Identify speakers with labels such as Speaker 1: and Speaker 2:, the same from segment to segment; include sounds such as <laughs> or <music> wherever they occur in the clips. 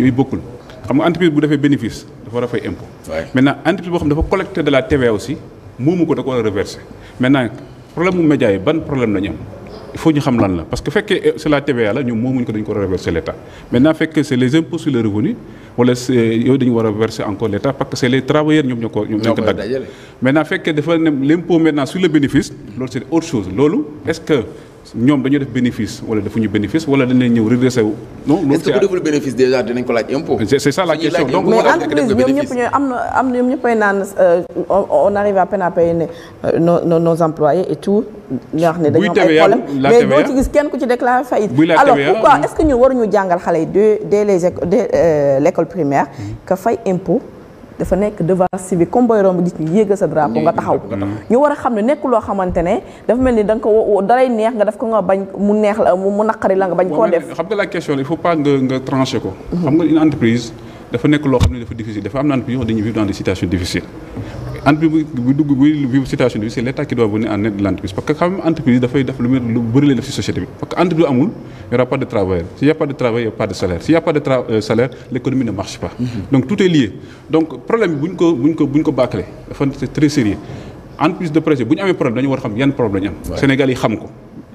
Speaker 1: yooyu bokkul xam entreprise bu defee bénéfice dafa war a fay impôt. maintenant entreprise boo xam dafa collecté de la aussi moomu ko da war a reverser maintenant problème mu média yi ban problème la ñu am. il faut dañu war a reverser encore l'État parce que c'est les ñoom ñoo ko ñoom ñoo ko dagg maintenant fekkee dafa ne l'impôt maintenant sur le loolu c'est autre chose loolu est-ce que ñoom dañu def bénéfice wala defuñu bénéfice wala dañ leen ñëw redressé wu. non loolu est-ce que bu deful bénéfice déjà dinañ ko laaj impôt. c'est ça la mais
Speaker 2: entreprise ñoom ñëpp ñooy am na am ñoom ñëpp ay naan euh, on arrive à peine à payer euh, nos nos nos employés et tout. ñu wax ne dañoo am ay problème mais boo ci gis kenn ku ci déclaré faillite. alors pourquoi est-ce que ñëw waruñu jàngal xale yi dès dès les éco dès euh, l'école primaire mm-hmm. que fay impôt. dafa nekk devant civique comme booy romb gis ñu yéegal sa drapeau nga taxaw ñu war a xam ne nekk loo xamante ne dafa mel ni da nga ko dalay neex nga def ko nga bañ mu neex la mu naqari la nga bañ koo def
Speaker 1: xam nga la question il faut pas nga trancher ko mhm. xam nga une entreprise dafa nekk loo xam ne dafa difficile dafa am na entreprise yoo dañuy vivre dans des situations difficiles entreprise bu dugg buy situation bi c'est l'État qui doit venir en aide de l'entreprise parce que xam nga entreprise dafay def lu lu bëri lay def ci société bi parce que entreprise amul y pas de travail s'il y a de travail y a pas de salaire s'il a pas de euh, marche pas. Mm-hmm. donc tout est donc problème bu ñu ko bu ñu ko bu ñu ko bâclé entreprise de projet bu ñu amee problème dañu war xam yan problème la am. Sénégal yi xam ko.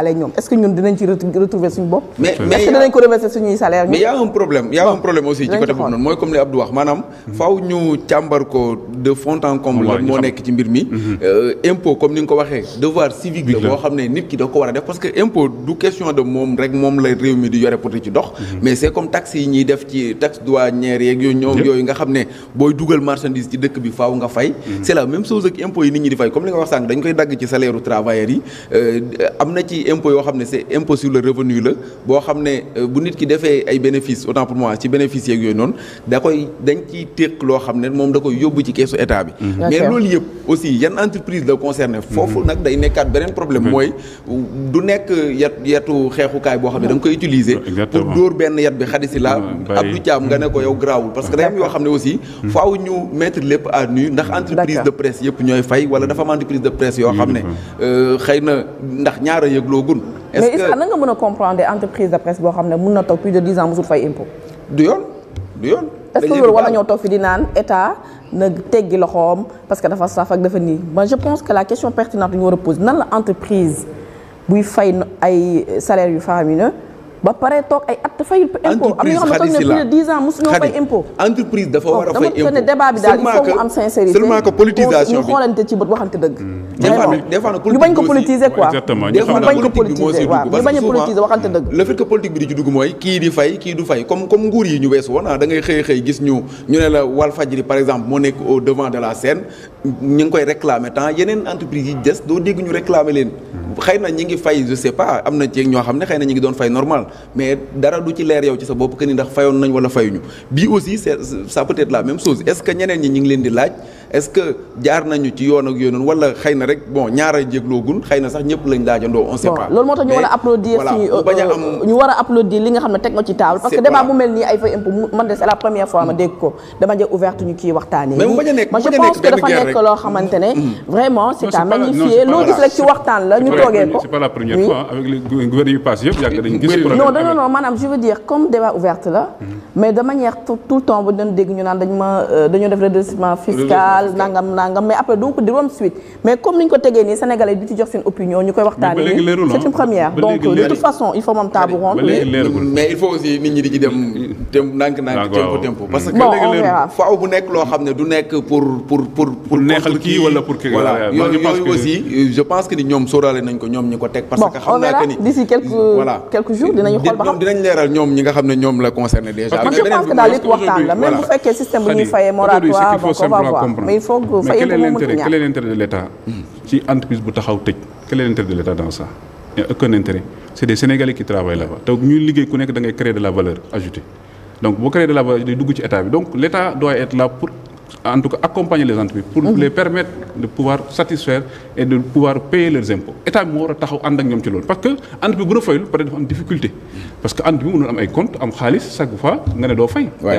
Speaker 2: yóbbaale ñoom est-ce que ñun dinañ ci retrouver suñu bopp est mais y a un
Speaker 3: problème y a un problème aussi ci mm-hmm. ko de fond en comble lan moo nekk ci mbir mi mm-hmm. euh, impôt comme ni nga ko waxee devoir civique la boo xam ne nit ki da ko war a def parce que impôt du question de moom rek moom la réew mi di yore pour ci dox mm-hmm. mais c'est comme taxe yi ñuy def ci taxe douanière yeeg yooyu ñoom yooyu nga xam ne booy dugal marchandise ci dëkk bi faaw nga fay c'est la même chose ak impôt yi impôt yoo xam ne c'est impôt le revenu la boo xam ne euh, bu nit ki defee ay bénéfices autant pour moi ci bénéfice yeeg yooyu noonu da koy dañ ciy téq loo xam ne moom da koy yóbbu ci keesu état bi. Mhm. mais loolu yëpp aussi yan entreprise la concerné. Mhm. foofu nag day nekkaat beneen problème mooy du nekk yat yatu xeexukaay boo xam ne da nga koy utiliser. pour dóor benn yat bi xadisi la Abdou Thiam nga ne ko yow mhm. garaawul parce que day yoo xam ne aussi. faaw ñu mettre lépp à nu ndax entreprise de presse yëpp ñooy fay wala dafa am de presse yoo xam ne euh, xëy na ndax ñaara yëgloo delloo gun. est-ce mais Issa na
Speaker 2: nga mën a comprendre entreprise de boo xam ne mun na toog plus de dix ans musul fay impôt.
Speaker 3: du yoon du yoon. est-ce que loolu war
Speaker 2: toog fi di naan état na teggi loxoom parce que dafa saf ak dafa nii man je pense que la question pertinente ñu war a poser nan la entreprise buy fay ay salaires yu faramineux. ba pare toog ay at fayul impôt am na ñoo fay entreprise dafa war a fay impôt bi daal il faut mu am sincérité seulement hmm. bañ ko politiser quoi exactement ñu bañ a politiser
Speaker 3: waxante dëgg le fait que politique bi di ci dugg mooy kii di fay kii du fay comme comme nguur yi ñu weesu woon ah, da ngay xëy xëy gis ñu ñu ne la Walfadjri par exemple moo nekk au devant de la scène ñu ngi koy réclamer temps yeneen entreprise yi des doo dégg ñu réclamer leen hmm. xëy na ñi ngi fay je sais ne xëy na ñi ngi doon fay normal mais dara du ci leer yow ci sa bopp que ni ndax fayoon nañ wala fayuñu bii aussi c'est ça peut être la même chose est-ce que ñeneen ñi ñu ngi leen di laaj est-ce que jaar nañu ci yoon ak yoonoon wala xëy rek bon ñaara jégloogun xëy na sax ñëpp lañ daajandoo on sait loolu moo tax euh, euh,
Speaker 2: ñu war a applaudir li nga xam ne teg nga ci table parce que débat bu mel nii ma mm. dégg ma je dafa nekk loo xamante ne mm. Mm. vraiment c'est à toogee ko c'est pas la maanaam je veux dire comme débat ouverte la mais de manière tout le temps bu doon dégg ñu naan dañ ma euh, dañoo def redressement fiscal Sall nangam nangam mais après doo ko dirom suite mais comme ni ñu ko tegee nii sénégalais di ci jox seen opinion ñu koy waxtaanee nii
Speaker 3: c'est une hmm. bu nekk loo xam ne du nekk pour pour pour pour neexal kii wala pour kii voilà yooyu aussi je pense que ni ñoom sóoraale nañ ko ñoom ñi ko teg parce que xam naa que ni
Speaker 2: quelques jours dinañu
Speaker 3: xool ba xam dinañ leeral ñoom ñi nga xam ne ñoom la concerné déjà je pense que
Speaker 2: daal lépp waxtaan la même bu fekkee système bu ñuy fayee mais il faut que fay
Speaker 1: de l'État ci entreprise bu taxaw tëj quel est l'intérêt de l'État dans ça il n'y c'est des Sénégalais qui travaillent là-bas te ñuy liggéey ku nekk da ngay créer de la valeur ajoutée donc boo créer de la valeur day dugg ci état bi donc l'État doit être là pour en tout cas accompagner les pour mmh. les permettre de pouvoir satisfaire et de pouvoir payer leurs impôts état bi moo war a taxaw ànd ak ñoom ci loolu parce que entreprise bu la fayul peut ay compte am xaalis chaque fois nga ne doo fay day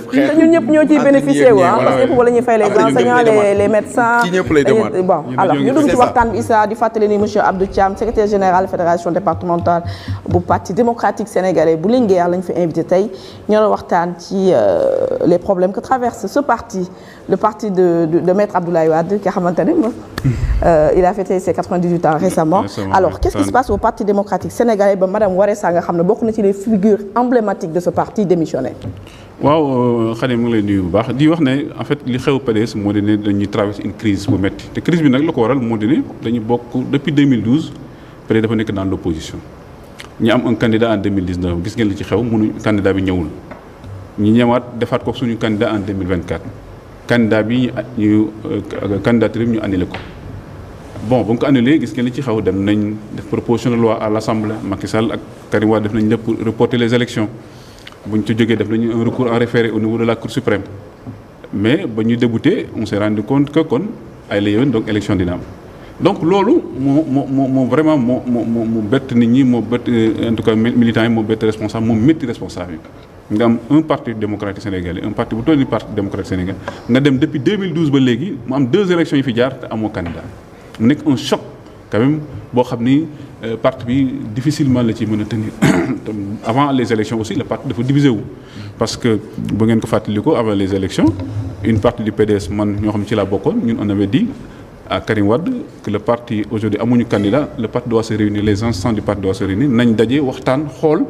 Speaker 3: te ñun ñëpp ñoo ciy bénéficier wu parce que ñëpp wala
Speaker 2: ñuy fay les enseignants les les médecins bon alors ñu dugg ci waxtaan bi Issa di fàttali ni monsieur Abdou Thiam secrétaire général fédération départementale bu parti démocratique sénégalais bu Linguère lañ fi invité tey ñoo waxtaan ci euh, les problèmes que traverse ce parti le parti de de maître Abdoulaye Wade ki xamante ne moom <laughs> euh, il a fêté ses 98 ans récemment alors qu'est-ce qui se passe au parti démocratique sénégalais ba madame Waressa nga xam ne bokk na ci les figures emblématiques de ce parti démissionnaire
Speaker 1: waaw euh, xale mu ngi bu baax di wax ne en fait li xew PDS moo di ne dañuy traverser une crise bu métti te crise bi nag la ko waral moo di ne dañu bokk depuis 2012 PDS dafa nekk dans l' opposition am un candidat en 2019 gis ngeen li ci xew mënu candidat bi ñëwul ñu ñëwaat defaat ko suñu candidat en 2024 candidat bi ñu euh, candidature bi ñu annulé ko bon ba nga ko annulé gis ngeen li ci xew dem nañ def proposition de loi à l' assemblée Macky Sall ak Karim Wade def nañ lépp reporter les élections bu ñu ci jógee def nañu un recours en référé au niveau la cour suprême mais ba ñu débuté on s' est rendu compte que kon ay la yéwén donc élection dina am donc loolu moo moo moo vraiment moo moo moo bett nit ñi moo bett euh, en tout cas militant yi moo bett responsable moo métti responsable yi nga am un parti démocratique sénégalais un parti bu toll ni parti démocratique sénégalais nga dem depuis 2012 ba léegi mu am deux élections yi fi jaar te amoo candidat mu nekk un boo xam ni Euh, parti bi difficilement la ci mën a tenir <coughs> avant les élections aussi la parti dafa divisé parce que bu ngeen ko fàttaliku avant les élections une partie du PDS man ñoo xam ci laa bokkoon ñun on avait dit à Karim Wade que le parti aujourd'hui amuñu candidat le parti doit se réunir les instants du parti doit se réunir nañ daje waxtaan xool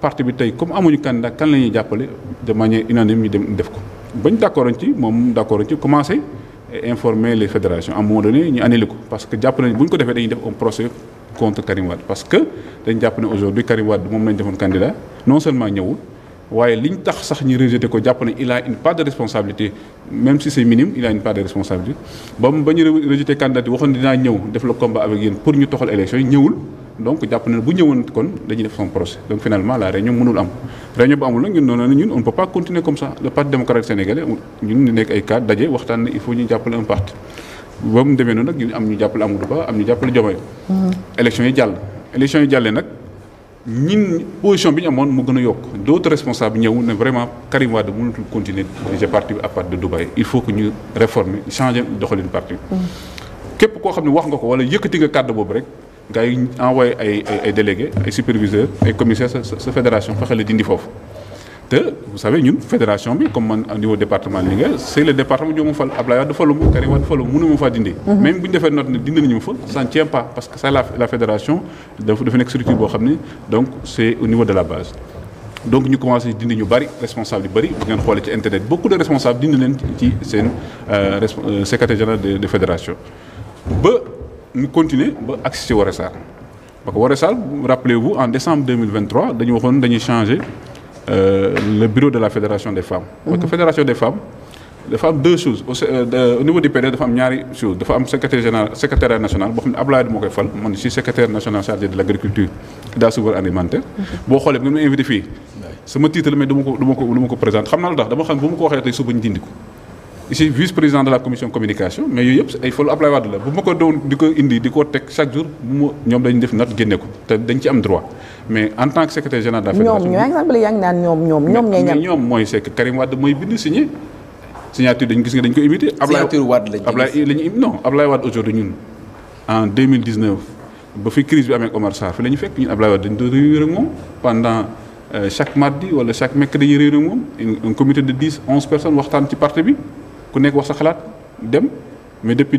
Speaker 1: parti bi tey comme amuñu candidat kan la ñuy jàppale de manière ñu dem def ko. bañ d'accord ci moom d'accord ci commencé informer les fédérations à un moment donné ñu ko parce ñu ko contre Karim Wade parce que dañ jàpp aujourd'hui Karim moom lañ defoon candidat non seulement ñëwul waaye liñ tax sax ñu rejeté ko jàpp il a une part de responsabilité même si c'est minime il a une part de responsabilité ba mu ba ñu rejeté candidat waxoon dinaa ñëw def le combat avec yéen pour ñu toxal élection ñëwul donc jàpp bu ñëwoon kon dañuy def son procès donc finalement la réunion mënul am réunion bu amul nag ñun noonu ba mu demee noonu nag ñu am ñu jàppale Amadou Ba am ñu jàppale Diomaye. Mm-hmm. élection yi jàll élection yi jàllee nag ñin position bi ñu amoon mu gën a yokk d' autres responsables ñëw ne vraiment Karim Wade mënatul continuer diriger parti bi à part de Dubaï il faut que ñu réformer changer doxalin parti bi. Mm-hmm. képp koo xam ne wax nga ko wala yëkkati nga kàddu boobu rek. gars yi envoyé ay ay délégué ay superviseur ay commissaire sa fédération fexe la foofu te vous savez ñun fédération bi comme man au niveau département Linguère c' est le département ñoo ma fal Ablaye Wade falu ma Karim Wade falu ma mënu ma faa dindi. Mhm. même bu ñu defee note ne dindi nañu ma fa parce que ça la fédération dafa dafa nekk structure boo xam ne donc c' au niveau de la base. donc ñu commencé dindi ñu bëri responsable yu bëri bu ngeen xoolee ci internet beaucoup de responsables dindi leen ci seen euh, euh, secrétaire général de fédération ñu continuer ba agsi ci Woré Sarr parce que Woré Sarr rappelez-vous en décembre dañuy changé. Euh, le bureau de la fédération des femmes. Mhm. parce des femmes dafa am deux choses au euh, niveau du PDS dafa am ñaari chose dafa am secrétaire général secrétaire national boo xam ne Abdoulaye moo koy fal man si secrétaire national chargé de l' agriculture et alimentaire. Mhm. boo xoolee nga ma invité fii. sama titre mais dama ko ko dama xam naa lu tax dama xam bu ma ko waxee tey suba ñu dindi ko. ici vice président de la commission communication mais yooyu ñoom dañu def note génne ko te dañ am droit. mais en tant que secrétaire général de la fédération.
Speaker 2: ñoom ñoom
Speaker 1: ñoom mooy c'est Karim Wade mooy bind signé signature dañ gis nga dañ ko imité. signature Wade lañ Ablaye la ñu non Ablaye Wade ñun en ba fi crise bi amee Omar Sarr fi la ñu fekk ñun Ablaye Wade dañ doon réunir ak moom pendant euh, chaque mardi wala chaque mercredi dañuy réunir ak moom un comité de dix onze personnes waxtaan ci parti bi ku nekk wax sa xalaat dem mais depuis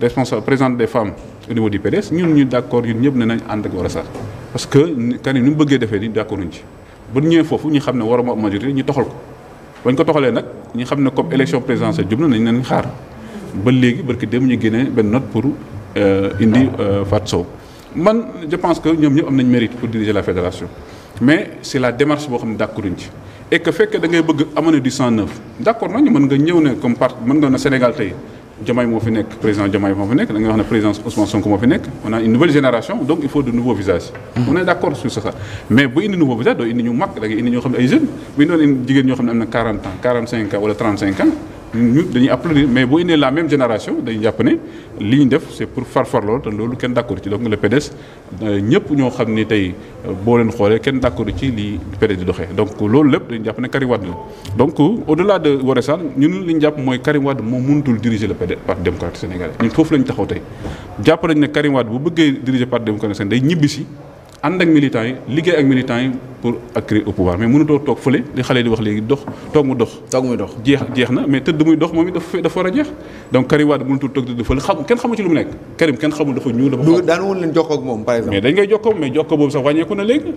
Speaker 1: responsable présidente des femmes au niveau ñun ñu d' accord ñun ñëpp ne war a sax parce que Karim ni mu bëggee defee ni d' accord ñu ci ne war a toxal ko bañ ko toxalee nag ñu xam ne comme élection présidentielle jub na nañ leen xaar ba léegi barki dem ñu génnee benn note pour euh, indi ah. euh, Fatou Sow man je pense que ñoom ñëpp am nañ mérite pour diriger la fédération mais c' est la démarche boo xam ne d' accord ñu ci et que fekkee da ngay bëgg amener du 109 d' nga ñëw ne comme part mën nga na Sénégal tey Diomaye moo fi nekk président Diomaye moo fi nekk da nga wax ne président Ousmane Sonko moo fi nekk on a une nouvelle génération donc il faut de nouveaux visages hmm. on est d'accord sur ça mais bu indi nouveau visage doo indi ñu mag da indi ñoo xam ne ay jeunes bu ñu doon indi jigéen ñoo xam ne am na 40 ans 45 ans wala 35 ans ñun dañuy applaudir mais boo indee la même génération dañu jàpp ne li ñu def c'est pour farfarloo te loolu kenn d'accord ci donc le PDS euh, ñoo xam ni tey euh, boo leen xoolee kenn d'accord ci li PDS di doxee donc loolu lépp dañu jàpp ne Karim Wade la donc euh, au-delà de Woré Sarr ñu jàpp mooy Karim Wade moo mënutul diriger le PDS Parti démocratique sénégalais ñun foofu la ñu taxaw tey jàpp nañ ne Karim bu bëggee diriger Parti démocratique sénégalais ànd ak militants yi liggéey ak militants yi pour accéder au pouvoir mais mënutoo toog fële li xale di wax léegi dox toog mu dox. toog muy dox jeex jeex na mais tëdd muy dox moom it dafa dafa a jeex donc Karim Wade mënutul toog tëdd fële xam dafa ñuul. daan woon leen jokkoo moom par exemple. mais dañ ngay jokkoo mais jokkoo boobu sax wàññeeku na léegi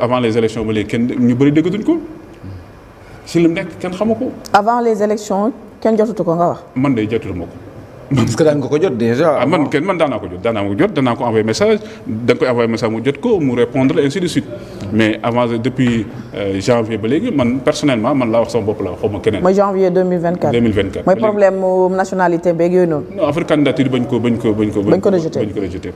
Speaker 1: avant les élections ba léegi kenn ñu bëri déggatuñ ko
Speaker 2: si lu mu nekk kenn xamu ko. avant les élections kenn jotutu ko nga wax.
Speaker 1: man de jotutuma ko parce que daan nga ko jot déjà. ah man kenn man daan naa ko jot daan naa ko jot danaa ko envoyé message da nga koy envoyé message mu jot ko mu répondre ainsi de suite mais avant depuis euh, janvier ba léegi man personnellement man laa wax sama bopp la xaw ma keneen. mooy
Speaker 2: janvier 2024
Speaker 1: 2024. problème
Speaker 2: mu nationalité beeg yooyu noonu.
Speaker 1: non affaire bañ ko bañ ko bañ ko. bañ ko rejeté